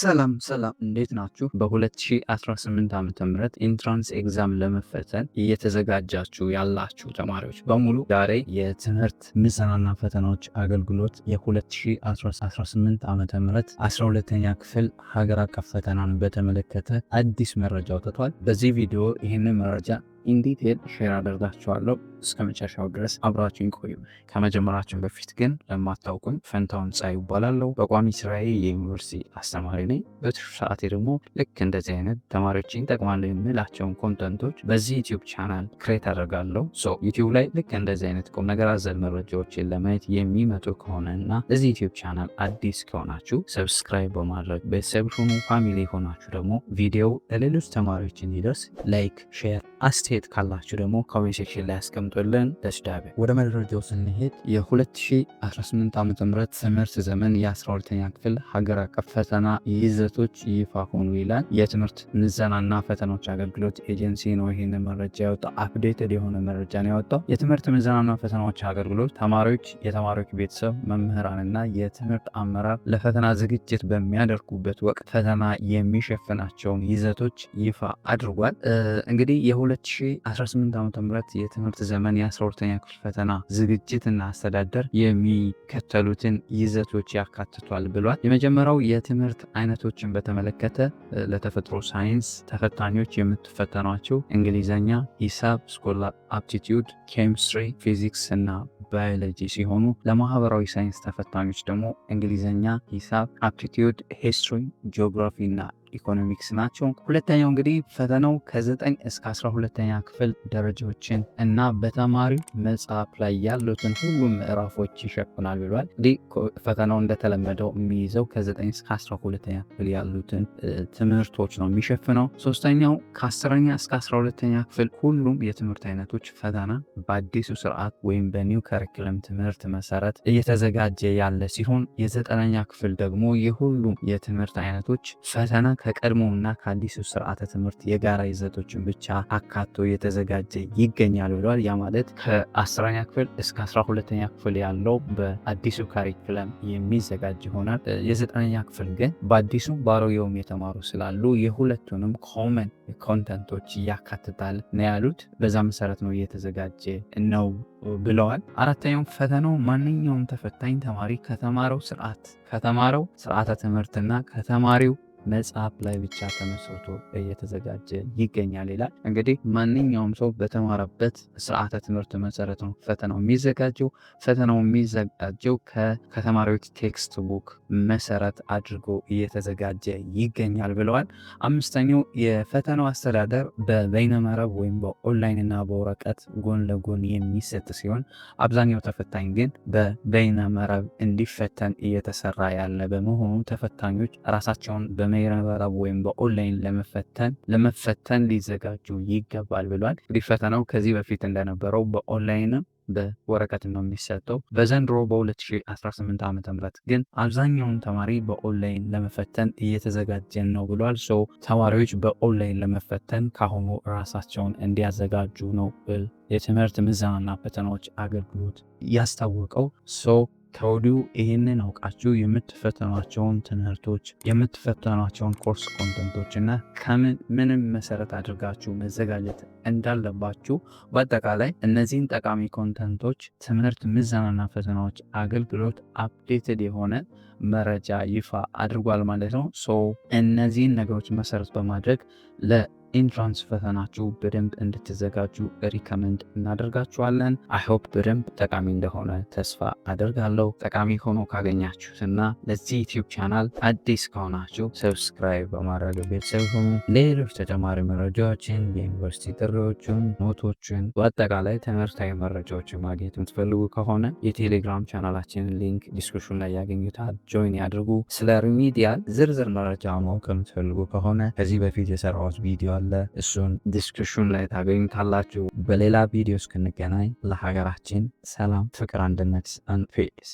ሰላም ሰላም እንዴት ናችሁ? በ2018 ዓ ም ኢንትራንስ ኤግዛም ለመፈተን እየተዘጋጃችሁ ያላችሁ ተማሪዎች በሙሉ ዛሬ የትምህርት ምዘናና ፈተናዎች አገልግሎት የ2018 ዓ ም 12ኛ ክፍል ሀገር አቀፍ ፈተናን በተመለከተ አዲስ መረጃ አውጥቷል። በዚህ ቪዲዮ ይህንን መረጃ ኢንዲቴል ሼር አደርጋችኋለሁ። እስከ መጨረሻው ድረስ አብራችሁን ቆዩ። ከመጀመራችን በፊት ግን ለማታውቁኝ ፈንታውን ጻ ይባላለሁ። በቋሚ ስራዬ የዩኒቨርሲቲ አስተማሪ ነኝ። በትርፍ ሰዓቴ ደግሞ ልክ እንደዚህ አይነት ተማሪዎችን ይጠቅማሉ የምላቸውን ኮንተንቶች በዚህ ዩቲዩብ ቻናል ክሬት አደርጋለሁ። ዩቲዩብ ላይ ልክ እንደዚህ አይነት ቁም ነገር አዘል መረጃዎችን ለማየት የሚመጡ ከሆነ እና እዚህ ዩቲዩብ ቻናል አዲስ ከሆናችሁ ሰብስክራይብ በማድረግ ቤተሰብ ሁኑ። ፋሚሊ የሆናችሁ ደግሞ ቪዲዮ ለሌሎች ተማሪዎች እንዲደርስ ላይክ፣ ሼር አስ አስተያየት ካላችሁ ደግሞ ኮሜንት ሴክሽን ላይ አስቀምጦልን ለስዳቤ ወደ መረጃው ስንሄድ የ2018 ዓ ም ትምህርት ዘመን የ12ኛ ክፍል ሀገር አቀፍ ፈተና ይዘቶች ይፋ ሆኑ ይላል። የትምህርት ምዘናና ፈተናዎች አገልግሎት ኤጀንሲ ነው ይህን መረጃ ያወጣው። አፕዴትድ የሆነ መረጃ ነው ያወጣው። የትምህርት ምዘናና ፈተናዎች አገልግሎት ተማሪዎች፣ የተማሪዎች ቤተሰብ፣ መምህራንና የትምህርት አመራር ለፈተና ዝግጅት በሚያደርጉበት ወቅት ፈተና የሚሸፍናቸውን ይዘቶች ይፋ አድርጓል። እንግዲህ የ2018 2018 ዓ ም የትምህርት ዘመን የ12ኛ ክፍል ፈተና ዝግጅትና አስተዳደር የሚከተሉትን ይዘቶች ያካትቷል ብሏል። የመጀመሪያው የትምህርት አይነቶችን በተመለከተ ለተፈጥሮ ሳይንስ ተፈታኞች የምትፈተኗቸው እንግሊዘኛ ሂሳብ፣ ስኮላ አፕቲቲዩድ፣ ኬሚስትሪ፣ ፊዚክስ እና ባዮሎጂ ሲሆኑ ለማህበራዊ ሳይንስ ተፈታኞች ደግሞ እንግሊዘኛ፣ ሂሳብ፣ አፕቲቲዩድ፣ ሂስትሪ፣ ጂኦግራፊ እና ኢኮኖሚክስ ናቸው። ሁለተኛው እንግዲህ ፈተናው ከ9 እስከ 12ኛ ክፍል ደረጃዎችን እና በተማሪው መጽሐፍ ላይ ያሉትን ሁሉም ምዕራፎች ይሸፍናል ብሏል። እንግዲህ ፈተናው እንደተለመደው የሚይዘው ከ9 እስከ 12ኛ ክፍል ያሉትን ትምህርቶች ነው የሚሸፍነው። ሶስተኛው ከ10ኛ እስከ 12ኛ ክፍል ሁሉም የትምህርት አይነቶች ፈተና በአዲሱ ስርዓት ወይም በኒው ከሪክለም ትምህርት መሰረት እየተዘጋጀ ያለ ሲሆን የዘጠነኛ ክፍል ደግሞ የሁሉም የትምህርት አይነቶች ፈተና ከቀድሞውና ከአዲሱ ስርዓተ ትምህርት የጋራ ይዘቶችን ብቻ አካቶ የተዘጋጀ ይገኛል ብለዋል። ያ ማለት ከአስረኛ ክፍል እስከ አስራ ሁለተኛ ክፍል ያለው በአዲሱ ካሪክለም የሚዘጋጅ ይሆናል። የዘጠነኛ ክፍል ግን በአዲሱ ባሮየውም የተማሩ ስላሉ የሁለቱንም ኮመን ኮንተንቶች እያካትታል ነው ያሉት። በዛ መሰረት ነው እየተዘጋጀ ነው ብለዋል። አራተኛው ፈተናው ማንኛውም ተፈታኝ ተማሪ ከተማረው ስርዓት ከተማረው ስርዓተ ትምህርትና ከተማሪው መጽሐፍ ላይ ብቻ ተመስርቶ እየተዘጋጀ ይገኛል ይላል። እንግዲህ ማንኛውም ሰው በተማረበት ስርዓተ ትምህርት መሰረት ነው ፈተናው የሚዘጋጀው። ፈተናው የሚዘጋጀው ከተማሪዎች ቴክስት ቡክ መሰረት አድርጎ እየተዘጋጀ ይገኛል ብለዋል። አምስተኛው የፈተናው አስተዳደር በበይነመረብ ወይም በኦንላይን እና በወረቀት ጎን ለጎን የሚሰጥ ሲሆን አብዛኛው ተፈታኝ ግን በበይነመረብ እንዲፈተን እየተሰራ ያለ በመሆኑ ተፈታኞች ራሳቸውን በ በማይረበረብ ወይም በኦንላይን ለመፈተን ለመፈተን ሊዘጋጁ ይገባል ብሏል። እንግዲህ ፈተናው ከዚህ በፊት እንደነበረው በኦንላይንም በወረቀት ነው የሚሰጠው። በዘንድሮ በ2018 ዓ ም ግን አብዛኛውን ተማሪ በኦንላይን ለመፈተን እየተዘጋጀን ነው ብሏል። ሶ ተማሪዎች በኦንላይን ለመፈተን ካሁኑ ራሳቸውን እንዲያዘጋጁ ነው የትምህርት ምዘናና ፈተናዎች አገልግሎት ያስታወቀው። ከወዲሁ ይህንን አውቃችሁ የምትፈተኗቸውን ትምህርቶች የምትፈተኗቸውን ኮርስ ኮንተንቶች እና ከምን ምንም መሰረት አድርጋችሁ መዘጋጀት እንዳለባችሁ በአጠቃላይ እነዚህን ጠቃሚ ኮንተንቶች ትምህርት ምዘናና ፈተናዎች አገልግሎት አፕዴትድ የሆነ መረጃ ይፋ አድርጓል ማለት ነው። ሶ እነዚህን ነገሮች መሰረት በማድረግ ለ? ኢንትራንስ ፈተናችሁ በደንብ እንድትዘጋጁ ሪከመንድ እናደርጋችኋለን። አይሆፕ በደንብ ጠቃሚ እንደሆነ ተስፋ አደርጋለሁ። ጠቃሚ ሆኖ ካገኛችሁትና ለዚህ ዩቲዩብ ቻናል አዲስ ከሆናችሁ ሰብስክራይብ በማድረግ ቤተሰብ ሆኑ። ሌሎች ተጨማሪ መረጃዎችን፣ የዩኒቨርሲቲ ጥሪዎችን፣ ኖቶችን፣ በአጠቃላይ ትምህርታዊ መረጃዎችን ማግኘት የምትፈልጉ ከሆነ የቴሌግራም ቻናላችንን ሊንክ ዲስክሪፕሽን ላይ ያገኙታል። ጆይን ያድርጉ። ስለ ሪሚዲያል ዝርዝር መረጃ ማወቅ የምትፈልጉ ከሆነ ከዚህ በፊት የሰራሁት ቪዲዮ አለ። እሱን ዲስክሽን ላይ ታገኙታላችሁ። በሌላ ቪዲዮ እስክንገናኝ ለሀገራችን ሰላም፣ ፍቅር፣ አንድነት አንድ